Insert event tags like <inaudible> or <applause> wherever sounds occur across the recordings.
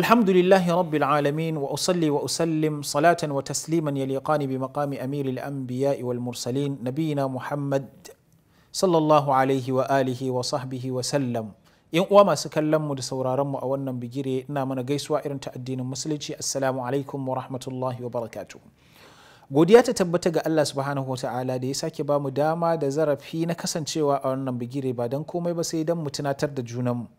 الحمد لله رب العالمين وأصلي وأسلم صلاة وتسليما يليقان بمقام أمير الأنبياء والمرسلين نبينا محمد صلى الله عليه وآله وصحبه وسلم yan uwa masu kallon mu da sauraron mu a wannan bigire ina mana gaisuwa irin ta addinin musulunci assalamu alaikum wa rahmatullahi wa barakatuh godiya ta tabbata ga Allah subhanahu ta'ala da ya sake bamu dama da zarafi na kasancewa a wannan bigire ba don komai ba sai don mu tunatar da junanmu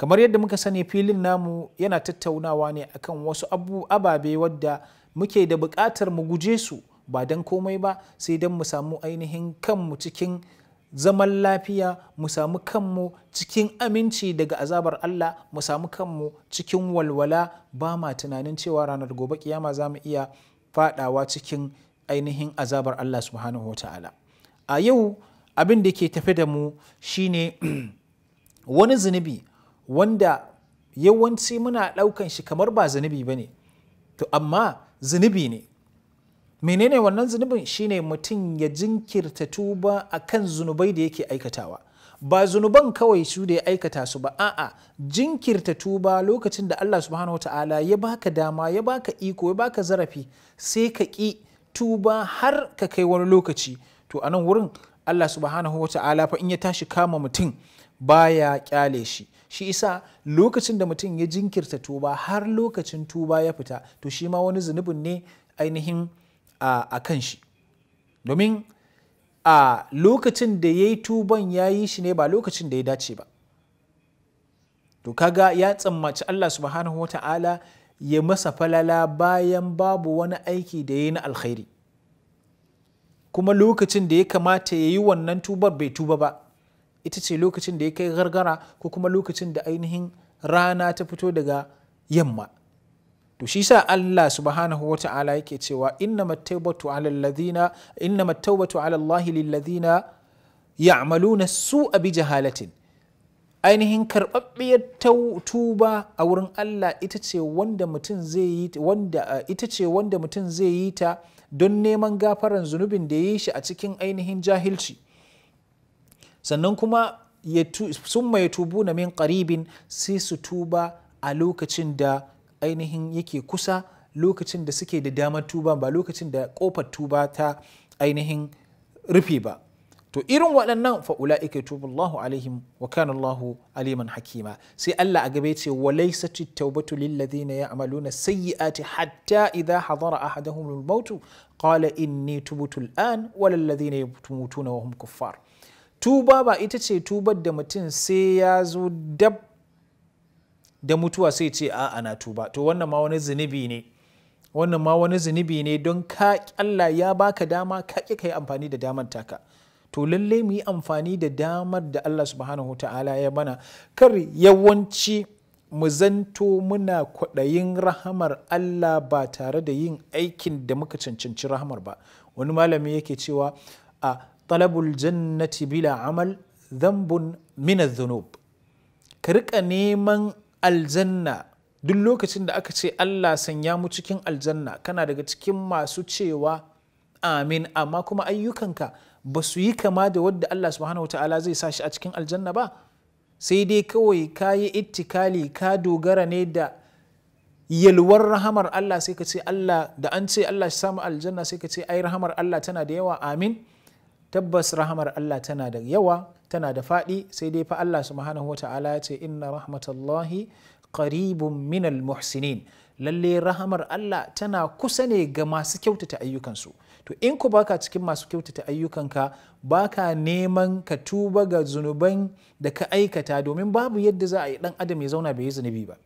kamar yadda muka sani filin namu yana tattaunawa ne akan wasu abu ababe wadda muke da bukatar mu guje su ba don komai ba sai don mu samu ainihin kanmu cikin zaman lafiya mu samu kanmu cikin aminci daga azabar Allah mu samu kanmu cikin walwala ba ma tunanin cewa ranar gobe kiyama za mu iya fadawa cikin ainihin azabar Allah subhanahu wa ta'ala a yau abin da ke tafe da mu shine <clears throat> wani zunubi wanda yawanci muna ɗaukan shi kamar ba zunubi ba ne to amma zunubi ne menene wannan zunubin shine mutum ya jinkirta tuba a kan zunubai da yake aikatawa ba zunuban kawai su da ya aikata su ba a'a jinkirta tuba lokacin da Allah subhanahu ta'ala ya baka dama ya baka iko ya baka zarafi sai ka ƙi tuba har ka kai wani lokaci to a nan wurin Allah subhanahu ta'ala fa in ya tashi kama mutum baya kyale shi shi isa lokacin da mutum ya jinkirta tuba har lokacin tuba ya fita to shi ma wani zunubin ne ainihin a kan shi domin a lokacin da ya yi tuban ya yi shi ne ba lokacin da ya dace ba to kaga ya tsammaci Allah subhanahu wa ta'ala ya masa falala bayan babu wani aiki da ya yi na alkhairi kuma lokacin da ya kamata ya yi wannan tubar bai tuba ba ita ce lokacin da ya kai gargara ko kuma lokacin da ainihin rana ta fito daga yamma to shi sa Allah subhanahu wa ta'ala yake cewa inna tawbatu ala alladhina inna tawbatu ala Allah lilladhina ya'maluna su'a bi jahalatin ainihin karɓaɓɓiyar tuba a wurin Allah ita ce wanda mutum zai yi ita ce wanda mutum zai yi ta don neman gafaran zunubin da ya yi shi a cikin ainihin jahilci sannan kuma sun mai tubu na min karibin sai su tuba a lokacin da ainihin yake kusa lokacin da suke da damar tuba ba lokacin da kofar tuba ta ainihin rufe ba to irin waɗannan fa'ula ike tubullahu alaihim wa kana Allahu aliman hakima sai Allah a gaba ce wa laysat at-taubatu lil ya'maluna sayyi'ati hatta idha hadara ahaduhum al-maut qala inni tubtu al-an wa lil yamutuna wa hum kuffar tuba ba ita ce tubar da mutum sai ya zo dab da mutuwa sai ce a ana tuba to wannan ma wani zunubi ne wannan ma wani zunubi ne don ka Allah ya baka dama ka ƙi ka yi amfani da damar taka to lalle mu yi amfani da damar da Allah subhanahu ta'ala ya mana kar yawanci mu zanto muna kwaɗayin rahamar Allah ba tare da yin aikin da muka cancanci rahamar ba wani malami yake cewa a talabul jannati bila amal zambun mina zunub ka rika neman aljanna duk lokacin da aka ce Allah sanya mu cikin aljanna kana daga cikin masu cewa amin amma kuma ayyukanka ba su yi kama da wadda Allah subhanahu ta'ala zai sa shi a cikin aljanna ba sai dai kawai ka yi ittikali ka dogara ne da yalwar rahamar Allah sai ka ce Allah da an ce Allah shi samu aljanna sai ka ce ai rahamar Allah tana da yawa amin tabbas rahamar Allah tana da yawa tana da faɗi sai dai fa Allah subhanahu wa ta'ala ya ce inna rahmatullahi qaribun minal muhsinin lalle rahamar Allah tana kusa ne ga masu kyautata ayyukansu to in ku baka cikin masu kyautata ayyukanka baka neman ka tuba ga zunuban da ka aikata domin babu yadda za a yi dan adam ya zauna bai yi zunubi ba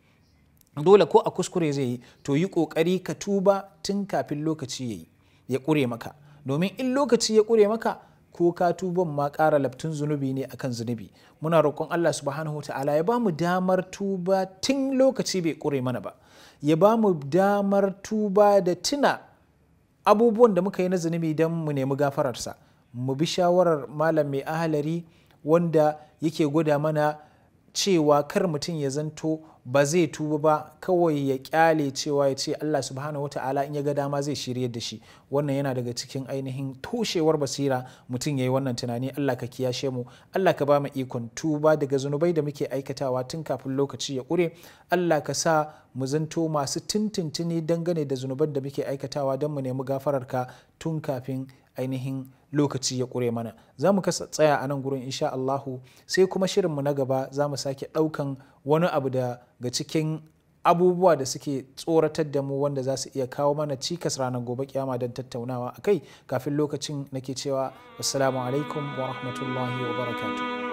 dole ko a kuskure zai yi to yi kokari ka tuba tun kafin lokaci ya ya kure maka domin in lokaci ya kure maka ko ka tuban ma ƙara laftin zunubi ne akan zunubi muna roƙon Allah subhanahu ta'ala ya ba mu damar tuba tun lokaci bai ƙure mana ba ya ba mu damar tuba da tuna abubuwan da muka yi na zunubi don mu nemi gafararsa mu bi shawarar malam mai ahalari wanda yake gwada mana cewa kar mutum ya zanto ba zai tuba ba kawai ya kyale cewa ya ce Allah subhanahu wa ta'ala in ya ga dama zai shirya da shi wannan yana daga cikin ainihin toshewar basira mutum ya yi wannan tunani Allah ka kiyashe mu Allah ka ba mu ikon tuba daga zunubai da muke aikatawa tun kafin lokaci ya ƙure Allah ka sa mu zanto masu tuntuntuni dangane da zunuban da muke aikatawa don mu nemi gafararka tun kafin ainihin lokaci ya ƙure mana za mu tsaya a nan gurin insha Allahu sai kuma shirinmu na gaba za mu sake ɗaukan wani abu da ga cikin abubuwa da suke tsoratar da mu wanda za su iya kawo mana cikas ranar gobe kyama don tattaunawa a kai kafin lokacin nake cewa assalamu alaikum wa rahmatullahi wa barakatuh